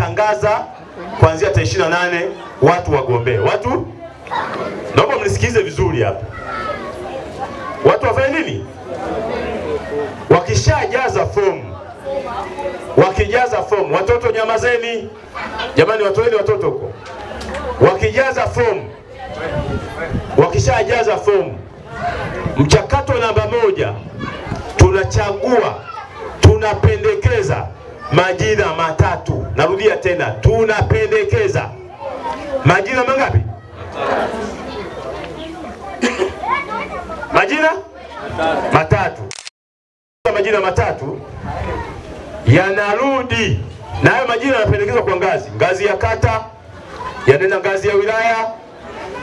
tutatangaza kuanzia tarehe ishirini na nane watu wagombee. Watu naomba mnisikize vizuri hapa, watu wafanye nini? Wakishajaza fomu, wakijaza fomu, watoto nyamazeni jamani, watoeni watoto huko. Wakijaza fomu, wakishajaza fomu, mchakato namba moja tunachagua narudia tena, tunapendekeza majina mangapi? majina matatu. Majina matatu yanarudi na hayo majina yanapendekezwa kwa ngazi, ngazi ya kata yanaenda ngazi ya wilaya,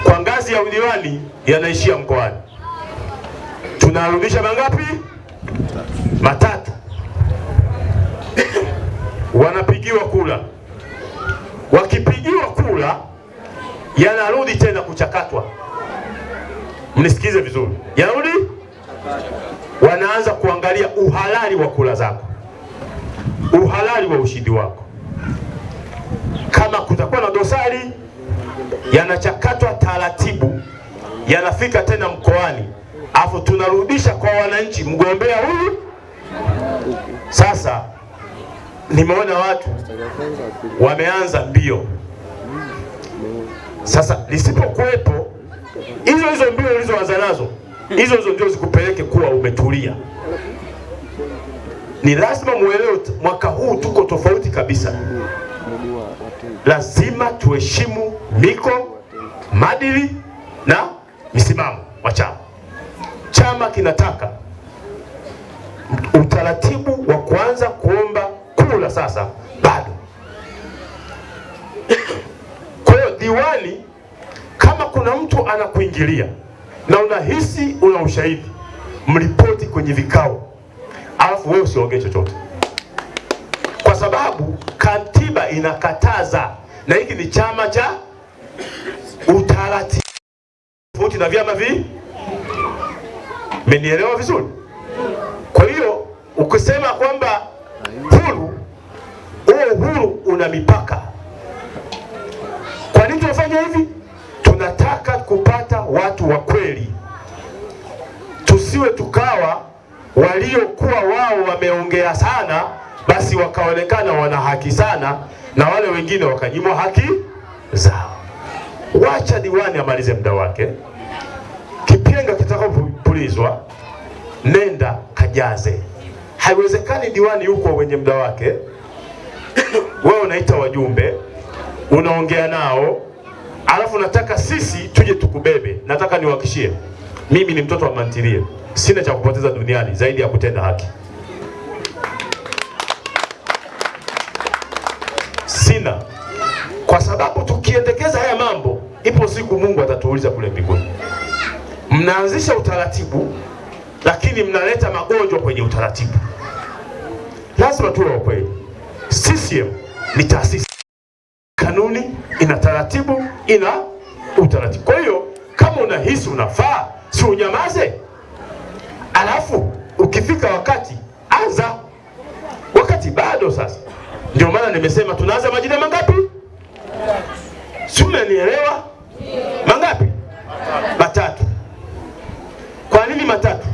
kwa ngazi ya udiwani yanaishia mkoani. Tunarudisha mangapi? Matatu. Wanapigiwa kula wakipigiwa kula yanarudi tena kuchakatwa. Mnisikize vizuri, yanarudi, wanaanza kuangalia uhalali wa kula zako, uhalali wa ushindi wako. Kama kutakuwa na dosari, yanachakatwa taratibu, yanafika tena mkoani, afu tunarudisha kwa wananchi, mgombea huyu sasa nimeona watu wameanza mbio. Sasa lisipokuwepo hizo hizo mbio ulizoanza nazo, hizo hizo ndio zikupeleke kuwa umetulia. Ni lazima muelewe, mwaka huu tuko tofauti kabisa. Lazima tuheshimu miko, maadili na misimamo wa chama. Chama kinataka utaratibu wa kuanza kuomba na sasa bado. Kwa hiyo diwani, kama kuna mtu anakuingilia na unahisi una ushahidi, mripoti kwenye vikao, alafu wewe usiongee chochote, kwa sababu katiba inakataza, na hiki ni chama cha utaratibu tofauti na vyama vi menielewa vizuri? Kwa hiyo ukisema kwamba una mipaka. Kwa nini tunafanya hivi? Tunataka kupata watu wa kweli, tusiwe tukawa waliokuwa wao wameongea sana, basi wakaonekana wana haki sana na wale wengine wakanyimwa haki zao. Wacha diwani amalize muda wake, kipenga kitakapopulizwa nenda kajaze. Haiwezekani diwani yuko wenye muda wake wewe unaita wajumbe, unaongea nao, alafu nataka sisi tuje tukubebe. Nataka niwahakishie, mimi ni mtoto wa Mantilie, sina cha kupoteza duniani zaidi ya kutenda haki. Sina, kwa sababu tukiendekeza haya mambo, ipo siku Mungu atatuuliza kule mbinguni. Mnaanzisha utaratibu, lakini mnaleta magonjwa kwenye utaratibu. Lazima tuwe wa kweli. CCM ni taasisi. Kanuni ina taratibu, ina utaratibu. Kwa hiyo kama unahisi unafaa, si unyamaze, alafu ukifika wakati anza, wakati bado. Sasa ndio maana nimesema tunaanza majina mangapi, si unanielewa? Mangapi? Matatu. Kwa nini matatu?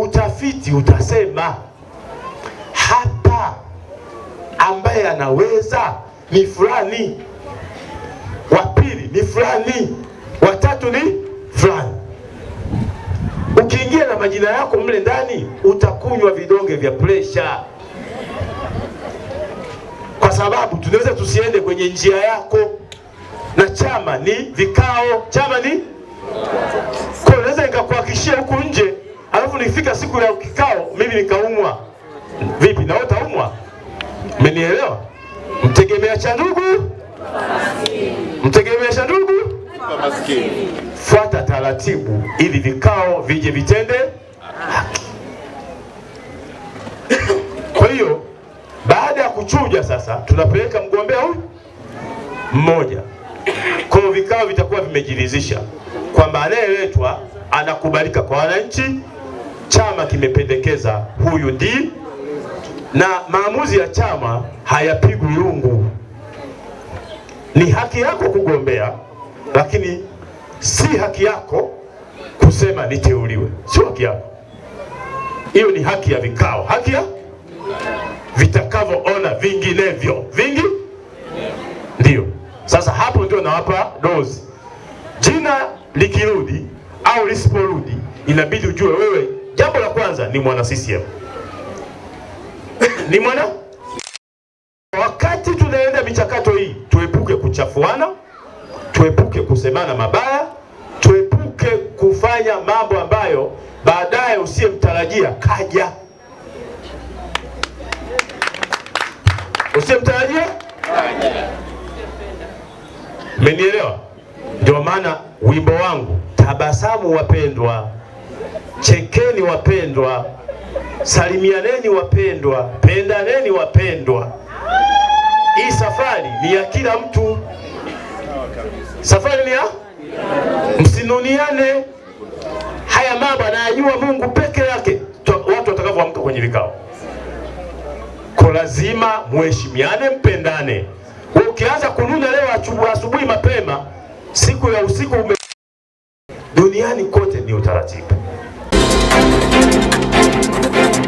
Utafiti utasema ambaye anaweza ni fulani, wa pili ni fulani, wa tatu ni fulani. Ukiingia na majina yako mle ndani utakunywa vidonge vya presha, kwa sababu tunaweza tusiende kwenye njia yako. Na chama ni vikao, chama ni kwa, naweza nikakuhakishia huku nje, alafu nikifika siku ya kikao mimi nikaumwa. Vipi, wewe utaumwa? Mmenielewa? Mtegemea cha ndugu, mtegemea cha ndugu. Fuata taratibu ili vikao vije vitende haki. Kwa hiyo baada ya kuchuja sasa, tunapeleka mgombea huyu mmoja kwa vikao, vitakuwa vimejiridhisha kwamba anayeletwa anakubalika kwa wananchi, chama kimependekeza huyu ndiye na maamuzi ya chama hayapigwi rungu. Ni haki yako kugombea, lakini si haki yako kusema niteuliwe, sio haki yako hiyo. Ni haki ya vikao, haki ya vitakavyoona vinginevyo vingi. Ndio sasa hapo ndio nawapa dozi. Jina likirudi au lisiporudi, inabidi ujue wewe, jambo la kwanza ni mwana CCM ni mwana. Wakati tunaenda michakato hii, tuepuke kuchafuana, tuepuke kusemana mabaya, tuepuke kufanya mambo ambayo baadaye usiyemtarajia kaja, usiyemtarajia kaja. Menielewa? Ndio maana wimbo wangu tabasamu, wapendwa. Chekeni wapendwa, salimianeni wapendwa, pendaneni wapendwa. Hii safari ni ya kila mtu, safari ni ya msinuniane. Haya mambo anayajua Mungu peke yake, watu watakavyoamka kwenye vikao. Kwa lazima muheshimiane, mpendane. ukianza kununa leo asubuhi mapema, siku ya usiku ume... duniani kote ni utaratibu. Thank you.